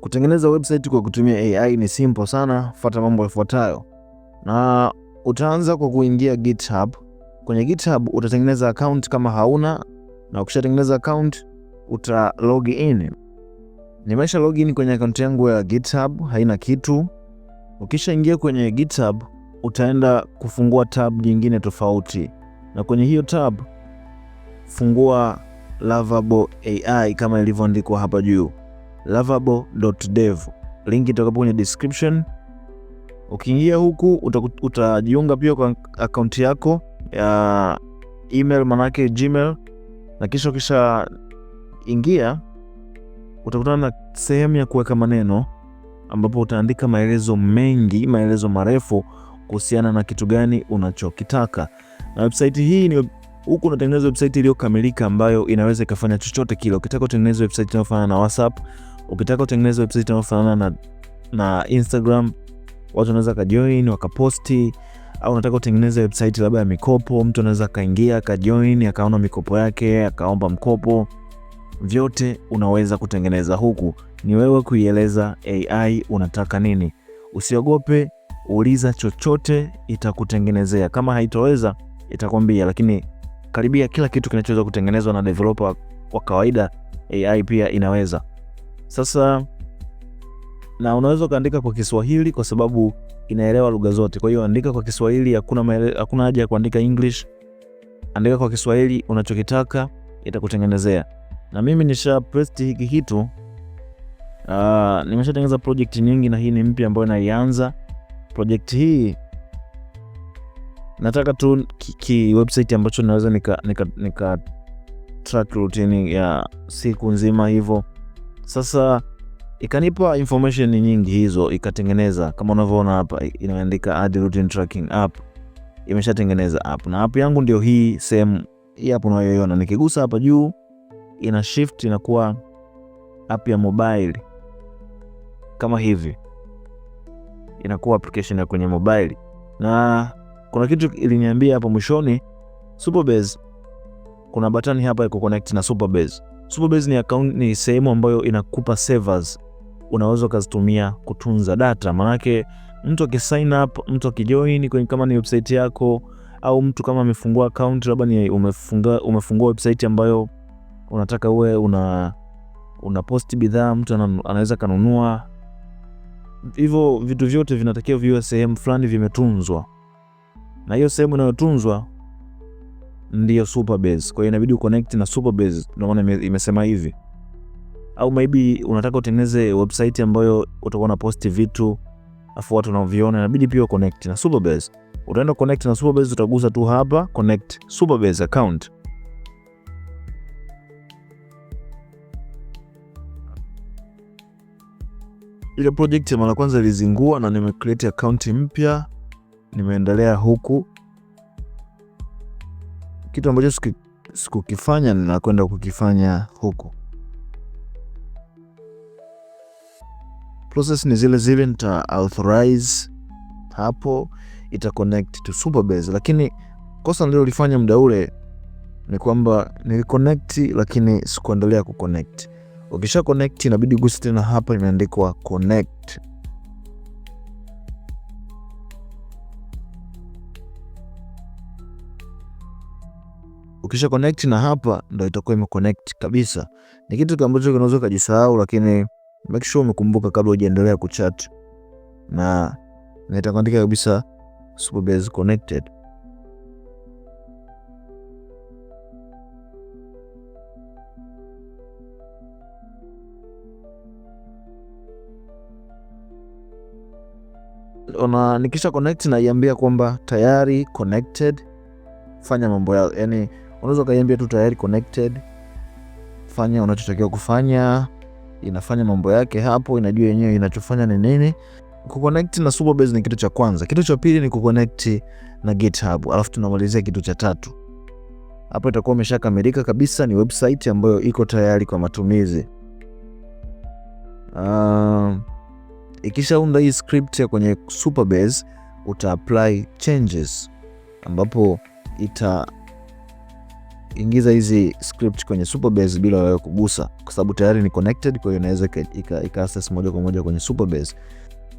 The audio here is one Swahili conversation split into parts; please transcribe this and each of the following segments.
Kutengeneza website kwa kutumia AI ni simple sana, fuata mambo yafuatayo. Na utaanza kwa kuingia GitHub. Kwenye GitHub utatengeneza account kama hauna, na ukishatengeneza account uta log in. Nimesha log in kwenye account yangu ya GitHub, haina kitu. Ukishaingia kwenye GitHub utaenda kufungua tab nyingine tofauti, na kwenye hiyo tab fungua Lovable AI kama ilivyoandikwa hapa juu lovable.dev, linki itakapo kwenye description. Ukiingia huku utajiunga pia kwa akaunti yako ya email manake Gmail, na kisha ukisha ingia utakutana na sehemu ya kuweka maneno, ambapo utaandika maelezo mengi, maelezo marefu kuhusiana na kitu gani unachokitaka. Na website hii ni huku unatengeneza website iliyokamilika ambayo inaweza ikafanya chochote kile. Ukitaka utengeneze website inayofanana na WhatsApp Ukitaka utengeneze website inayofanana na, na Instagram, watu wanaweza kajoin wakaposti, au unataka utengeneze website labda ya mikopo, mtu anaweza kaingia kajoin akaona mikopo yake akaomba mkopo. Vyote unaweza kutengeneza huku, ni wewe kuieleza AI unataka nini. Usiogope, uliza chochote, itakutengenezea. Kama haitoweza itakwambia, lakini karibia kila kitu kinachoweza kutengenezwa na developer wa kawaida AI pia inaweza. Sasa na unaweza ukaandika kwa Kiswahili kwa sababu inaelewa lugha zote. Kwa hiyo andika kwa Kiswahili, hakuna hakuna haja ya kuandika English. Andika kwa Kiswahili unachokitaka, itakutengenezea. Na mimi nisha paste hiki kitu. Ah, Uh, nimeshatengeneza project nyingi na hii ni mpya ambayo naianza. Project hii nataka tu ki, ki website ambacho naweza nika, nika, nika track routine ya siku nzima hivyo. Sasa ikanipa information nyingi hizo, ikatengeneza kama unavyoona hapa, inaandika Ad Routine Tracking app, imeshatengeneza app na app yangu ndio hii sehemu hii hapo unayoiona. Nikigusa hapa juu, ina shift inakuwa app ya mobile kama hivi, inakuwa application ya kwenye mobile. Na kuna kitu iliniambia hapa mwishoni, Superbase kuna batani hapa iko connect na Superbase. Superbase ni account, ni sehemu ambayo inakupa servers unaweza ukazitumia kutunza data. manake mtu akisign up, mtu akijoin kwenye kama ni website yako au mtu kama amefungua account labda ni umefungua, umefungua website ambayo unataka uwe una, una post bidhaa, mtu anaweza kanunua. Hivyo vitu vyote vinatakiwa viwe sehemu fulani vimetunzwa, na hiyo sehemu inayotunzwa ndio Superbase. Kwa hiyo inabidi uconnect na Superbase, base, ndio maana imesema hivi. Au maybe unataka utengeneze website ambayo utakuwa na unaposti vitu afu watu wanaviona, inabidi pia uconnect na Superbase. Utaenda connect na Superbase, utagusa tu hapa connect Superbase account. Ile project ya mara kwanza ilizingua na nime create account mpya, nimeendelea huku kitu ambacho sikukifanya ninakwenda kukifanya huku. Process ni zile zile, nita authorize hapo, ita connect to Superbase, lakini kosa nililofanya muda ule ni kwamba niliconnect, lakini sikuendelea kuconnect. Ukisha connect inabidi gusi tena hapa, imeandikwa connect Ukisha connect na hapa ndo itakuwa ime connect kabisa. Ni kitu ambacho unaweza kujisahau, lakini make sure umekumbuka kabla hujaendelea kuchat. Na nitakuandika kabisa Superbase connected. Ona nikisha connect na iambia kwamba tayari connected, fanya mambo yao yani unaweza ukaiambia tu tayari connected, fanya unachotakiwa kufanya, inafanya mambo yake hapo, inajua yenyewe inachofanya ni nini. Kuconnect na Superbase ni kitu cha kwanza. Kitu cha pili ni kuconnect na GitHub, alafu tunamalizia kitu cha tatu. Hapo itakuwa imeshakamilika kabisa, ni website ambayo iko tayari kwa matumizi. Uh, ikishaunda hii script ya kwenye Superbase uta apply changes ambapo ita ingiza hizi script kwenye Superbase bila wewe kugusa, kwa sababu tayari ni connected. Kwa hiyo inaweza ika access moja kwa moja kwenye Superbase.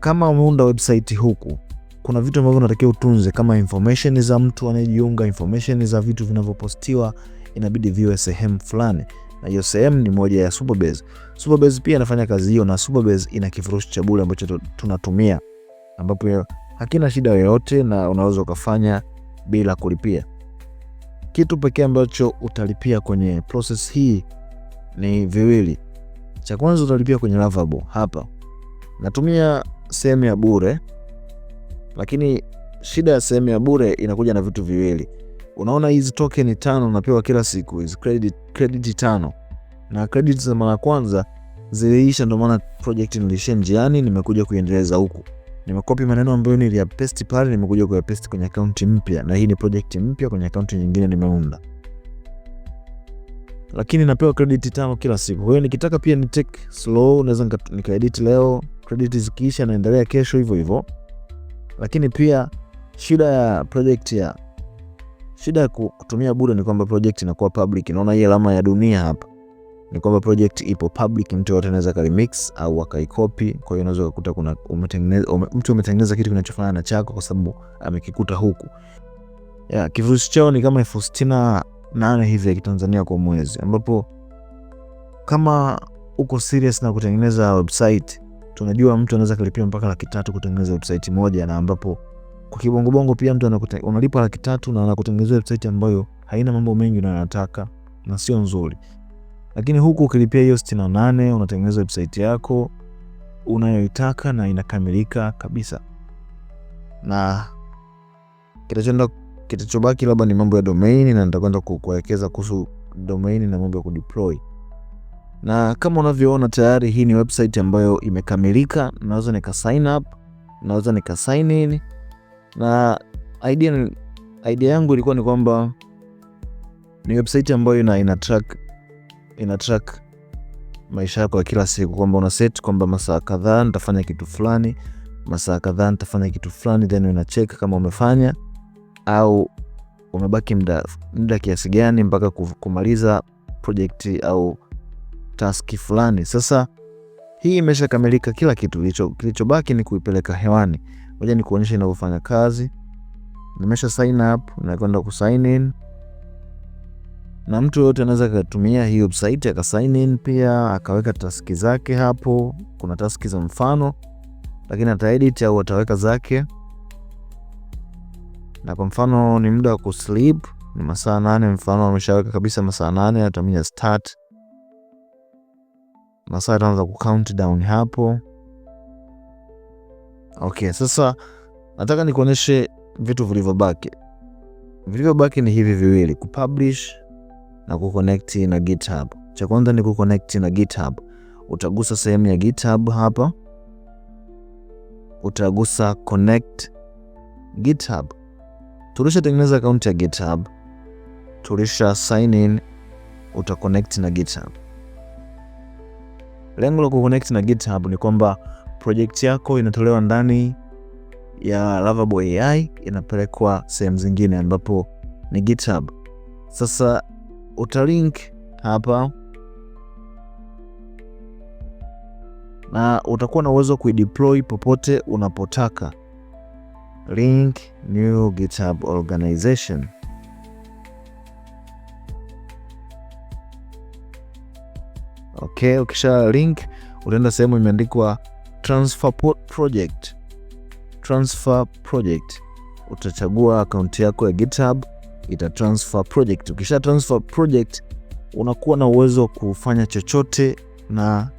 Kama umeunda website huku, kuna vitu ambavyo unatakiwa utunze, kama information za mtu anayejiunga, information za vitu vinavyopostiwa inabidi viwe sehemu fulani, na hiyo sehemu ni moja ya Superbase. Superbase pia inafanya kazi hiyo, na Superbase ina kifurushi cha bure ambacho tunatumia, ambapo hakina shida yoyote na unaweza ukafanya bila kulipia. Kitu pekee ambacho utalipia kwenye process hii ni viwili. Cha kwanza utalipia kwenye lavabo. Hapa natumia sehemu ya bure, lakini shida ya sehemu ya bure inakuja na vitu viwili. Unaona hizi token tano napewa kila siku, hizi credit, credit tano na credit za mara kwanza ziliisha, ndio maana project nilishia njiani, nimekuja kuendeleza huku. Nimekopi maneno ambayo niliyapesti pale, nimekuja kuyapesti kwenye akaunti mpya, na hii ni project mpya kwenye akaunti nyingine nimeunda, lakini napewa credit tano kila siku. Kwa hiyo nikitaka pia ni take slow, naweza nikaedit leo, credit zikiisha naendelea kesho, hivyo hivyo. Lakini pia shida ya project ya shida ya kutumia bure ni kwamba project inakuwa public. Naona hii alama ya dunia hapa ni kwamba project ipo public, mtu yote anaweza karimix au akaikopi. Kwa hiyo unaweza kukuta kuna mtu umetengeneza kitu kinachofanana na chako kwa sababu amekikuta huku. Yeah, kifurushi chao ni kama elfu sitini na nane hivi ya Kitanzania kwa mwezi, ambapo kama uko serious na kutengeneza website, tunajua mtu anaweza kalipia mpaka laki tatu kutengeneza website moja, na ambapo kwa kibongobongo pia mtu unalipa laki tatu na anakutengenezea website ambayo haina mambo mengi na anataka na sio nzuri. Lakini huku ukilipia hiyo 68 unatengeneza website yako unayoitaka na inakamilika kabisa, na kitachoenda kitachobaki labda ni mambo ya domain, na nitakwenda kukuelekeza kuhusu domain na mambo ya kudeploy. Na kama unavyoona tayari hii ni website ambayo imekamilika. Naweza nika sign up, naweza nika sign in, na idea idea yangu ilikuwa ni kwamba ni website ambayo ina, ina track ina track maisha yako ya kila siku, kwamba una set kwamba masaa kadhaa nitafanya kitu fulani, masaa kadhaa nitafanya kitu fulani, then check kama umefanya au umebaki muda muda kiasi gani mpaka kumaliza project au taski fulani. Sasa hii imeshakamilika kila kitu, kilichobaki ni kuipeleka hewani. Ngoja nikuonyeshe inavyofanya kazi. Nimesha sign up, nakwenda kusign in na mtu yoyote anaweza akatumia hii website aka sign in, pia akaweka taski zake hapo. Kuna taski za mfano, lakini edit au ataweka zake. Na kwa mfano ni muda wa kusleep ni masaa nane, mfano ameshaweka kabisa masaa nane, atamia start masaa ataanza ku count down hapo. Okay, sasa nataka nikuoneshe vitu vilivyobaki. Vilivyobaki ni hivi viwili, kupublish na kuconnect na GitHub. Cha kwanza ni kuconnect na GitHub. Utagusa sehemu ya GitHub hapa, utagusa connect GitHub. Tulishatengeneza akaunti ya GitHub, tulisha sign in, uta connect na GitHub. Lengo la kuconnect na GitHub ni kwamba project yako inatolewa ndani ya Lovable AI inapelekwa sehemu zingine ambapo ni GitHub. Sasa utalink hapa na utakuwa na uwezo wa kuideploy popote unapotaka. Link new GitHub organization. Okay, ukisha link utaenda sehemu imeandikwa transfer project. Transfer project utachagua akaunti yako ya GitHub ita transfer project. Ukisha transfer project, unakuwa na uwezo wa kufanya chochote, na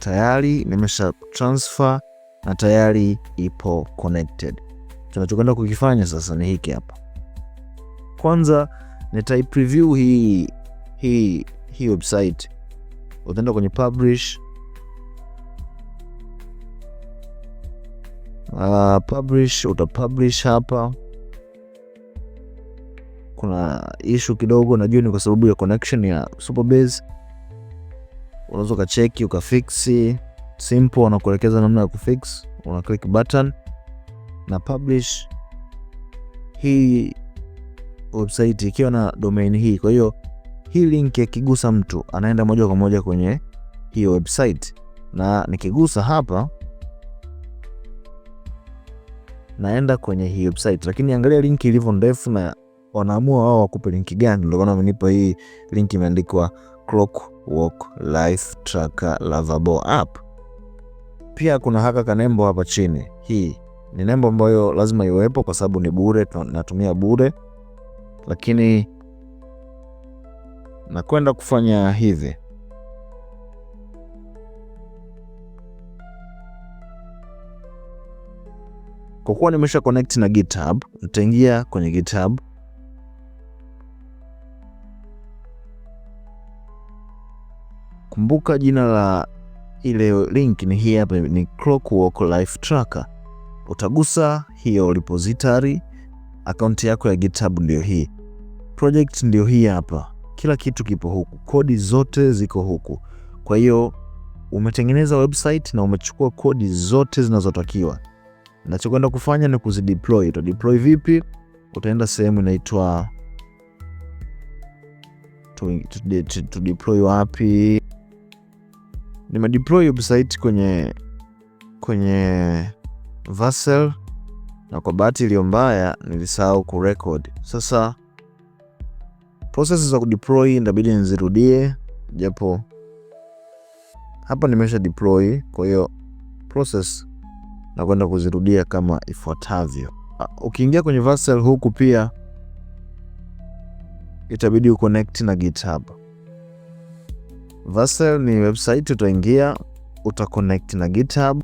tayari nimesha transfer na tayari ipo connected. Tunachokwenda kukifanya sasa ni hiki hapa. Kwanza nitai preview hii hii hii website. Utaenda kwenye publish Uh, publish uta publish hapa kuna issue kidogo, najua ni kwa sababu ya connection ya Superbase. Unaweza ukacheki ukafix, simple, wanakuelekeza namna ya kufix. Una click button na publish. Hii website ikiwa na domain hii, kwa hiyo hii link ikigusa mtu anaenda moja kwa moja kwenye hii website, na nikigusa hapa naenda kwenye hii website, lakini angalia link ilivyo ndefu na wanaamua wao wakupe linki gani. Ndio maana hii linki imeandikwa Clockwork Life Tracker Lovable app. Pia kuna haka kanembo hapa chini, hii ni nembo ambayo lazima iwepo kwa sababu ni bure, natumia bure, lakini nakwenda kufanya hivi. Kwa kuwa nimesha connect na GitHub, nitaingia kwenye GitHub Kumbuka jina la ile link ni hii hapa, ni Clockwork Life Tracker. Utagusa hiyo repository, akaunti yako ya GitHub ndio hii, project ndio hii hapa, kila kitu kipo huku, kodi zote ziko huku. Kwa hiyo umetengeneza website na umechukua kodi zote zinazotakiwa. Nachokwenda kufanya ni kuzideploy. Utadeploy vipi? Utaenda sehemu inaitwa to, to, to, to deploy wapi? Nimedeploy website kwenye kwenye Vercel na kwa bahati iliyo mbaya nilisahau kurecord. Sasa process za kudeploy inabidi nizirudie, japo hapa nimesha deploy, kwa hiyo process na kwenda kuzirudia kama ifuatavyo. Ah, ukiingia kwenye Vercel huku pia itabidi uconnect na GitHub. Vercel ni website utaingia, utaconnect na GitHub.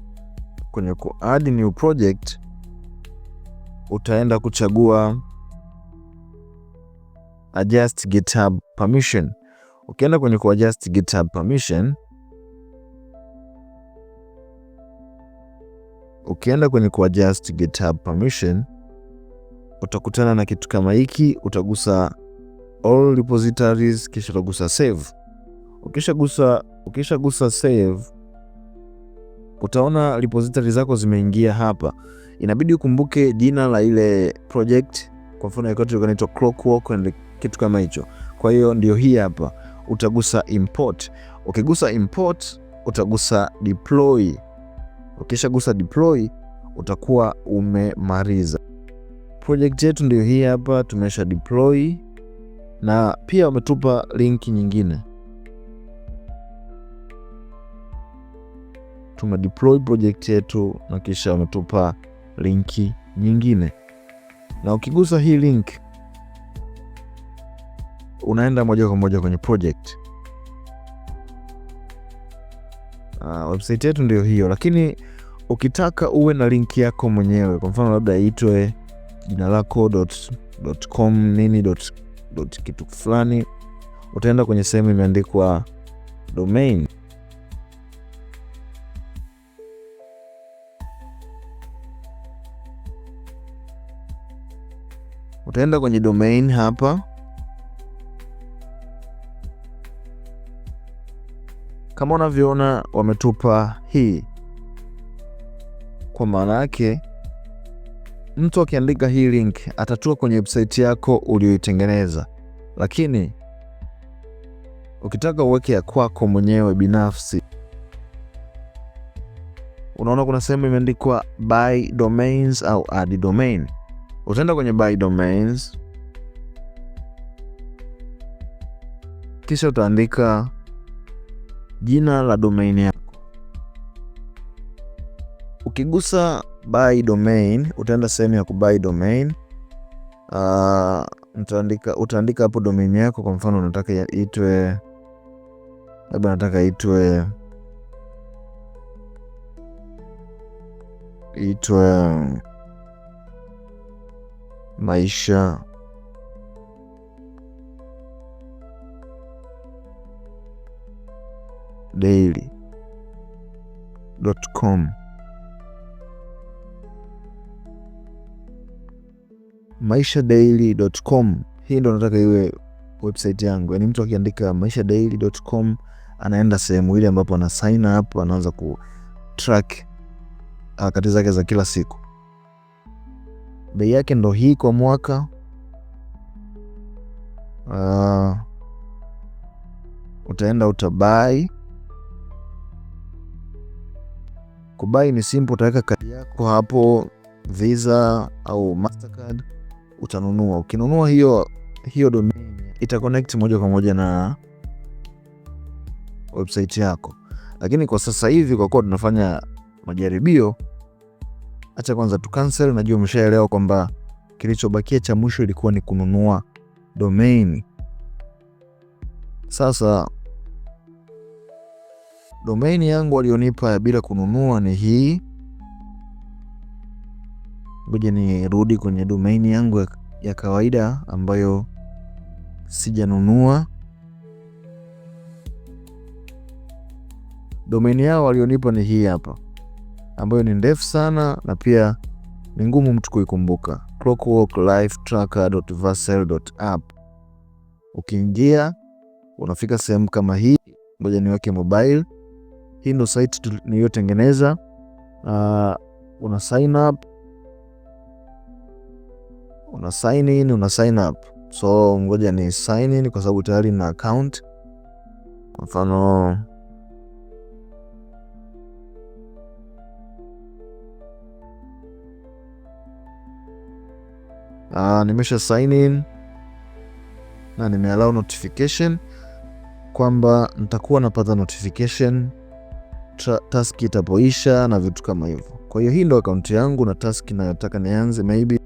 Kwenye add new project utaenda kuchagua adjust GitHub permission. Ukienda kwenye adjust GitHub permission, ukienda kwenye kuadjust GitHub permission utakutana na kitu kama hiki, utagusa all repositories, kisha utagusa save. Ukishagusa ukishagusa save, utaona repository zako zimeingia hapa. Inabidi ukumbuke jina la ile project, kwa mfano inaitwa Clockwork and kitu kama hicho. Kwa hiyo ndio hii hapa, utagusa import. Ukigusa import, utagusa deploy. Ukishagusa deploy, utakuwa umemaliza project yetu. Ndio hii hapa, tumesha deploy na pia wametupa linki nyingine. deploy project yetu na kisha wametupa linki nyingine, na ukigusa hii link unaenda moja kwa moja kwenye project. Uh, website yetu ndio hiyo, lakini ukitaka uwe na linki yako mwenyewe, kwa mfano labda iitwe jina .com nini dot, dot kitu fulani, utaenda kwenye sehemu imeandikwa domain utaenda kwenye domain hapa. Kama unavyoona wametupa hii, kwa maana yake mtu akiandika hii link atatua kwenye website yako uliyoitengeneza, lakini ukitaka uweke ya kwako mwenyewe binafsi, unaona kuna sehemu imeandikwa buy domains au add domain utaenda kwenye buy domains, kisha utaandika jina la domain yako. Ukigusa buy domain, utaenda sehemu ya kubuy domain. Uh, utaandika utaandika hapo domain yako, kwa mfano unataka itwe labda nataka itwe itwe maisha. Daily.com Maisha Daily.com, hii ndo nataka iwe website yangu. Yani mtu akiandika Maisha Daily.com anaenda sehemu ile ambapo ana sign up, anaanza ku track harakati zake za kila siku bei yake ndo hii kwa mwaka uh, utaenda utabai. Kubai ni simple, utaweka kadi yako hapo Visa au Mastercard utanunua. Ukinunua hiyo hiyo domain itaconnect moja kwa moja na website yako, lakini kwa sasa hivi kwa kuwa tunafanya majaribio acha kwanza tu cancel. Najua umeshaelewa kwamba kilichobakia cha mwisho ilikuwa ni kununua domain. Sasa domain yangu walionipa ya bila kununua ni hii. Ngoja nirudi kwenye domain yangu ya kawaida ambayo sijanunua. Domain yao walionipa ni hii hapa ambayo ni ndefu sana na pia ni ngumu mtu kuikumbuka, clockworklifetracker.vassel.app. Ukiingia unafika sehemu kama hii, ngoja niweke mobile. Hii ndo site niliyotengeneza. Uh, una sign up, una sign in, una sign up. So ngoja ni sign in kwa sababu tayari na account, kwa mfano Uh, nimesha sign in na allow notification kwamba nitakuwa napata notification task itapoisha na vitu kama hivyo. Kwa hiyo hii ndo akaunti yangu na task inayotaka nianze. Maybe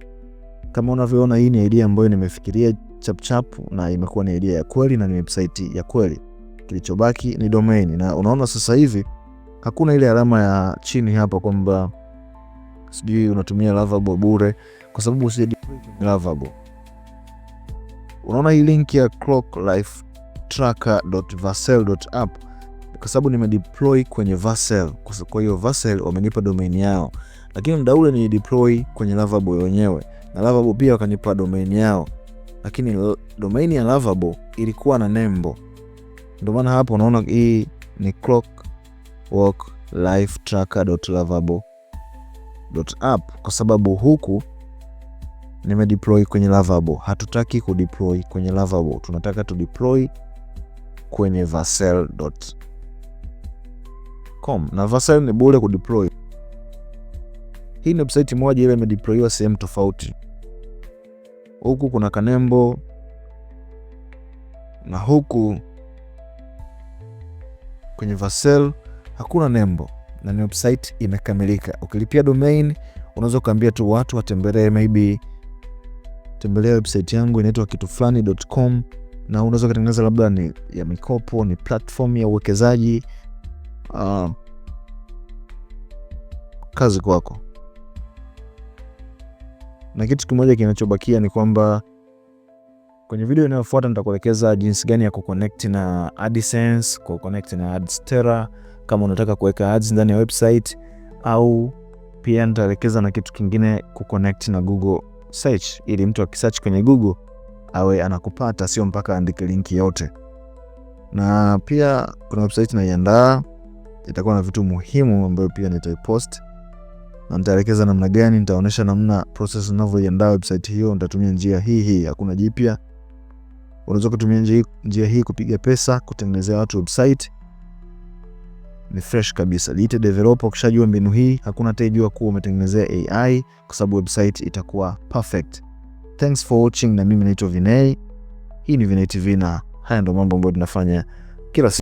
kama unavyoona, hii ni idea ambayo nimefikiria chapchap na imekuwa ni idea ya kweli na ni website ya kweli. Kilichobaki ni domain, na unaona sasa hivi hakuna ile alama ya chini hapa kwamba sijui unatumia Lovable bure kwa sababu usije lovable. Unaona hii link ya Clock Life Tracker.vercel.app kwa sababu nimedeploy kwenye Vercel. Kwa hiyo Vercel wamenipa domain yao, lakini muda ule ni deploy kwenye Lovable wenyewe, na Lovable pia wakanipa domain yao, lakini domain ya Lovable ilikuwa na nembo, ndio maana hapo unaona hii ni clock life clockworklifetracker.lovable.app kwa sababu huku nimedeploy kwenye Lovable. Hatutaki kudeploy kwenye Lovable, tunataka tu deploy kwenye vasel.com na vasel ni bure kudeploy. Hii ni website moja ile imedeployiwa sehemu tofauti. Huku kuna Kanembo na huku kwenye vasel hakuna nembo na ni website imekamilika. Ukilipia domain unaweza ukaambia tu watu watembelee maybe tembelea website yangu inaitwa kitu fulani.com, na unaweza kutengeneza labda ni ya mikopo, ni platform ya uwekezaji. Uh, kazi kwako. Na kitu kimoja kinachobakia ni kwamba kwenye video inayofuata nitakuelekeza jinsi gani ya kuconnect na AdSense, kuconnect na Adstera kama unataka kuweka ads ndani ya website, au pia nitaelekeza na kitu kingine kuconnect na Google search, ili mtu akisearch kwenye Google awe anakupata, sio mpaka aandike linki yote. Na pia kuna website naiandaa, itakuwa na vitu muhimu ambayo pia nitaipost na nitaelekeza namna gani, nitaonyesha namna process ninavyoiandaa website hiyo. Nitatumia njia hii hii, hakuna jipya. Unaweza kutumia njia hii kupiga pesa kutengenezea watu website ni fresh kabisa. Liite developer, ukishajua mbinu hii hakuna atajua kuwa umetengenezea AI kwa sababu website itakuwa perfect. Thanks for watching, na mimi naitwa Vinei. Hii ni Vinei TV na haya ndo mambo ambayo tunafanya kila siku.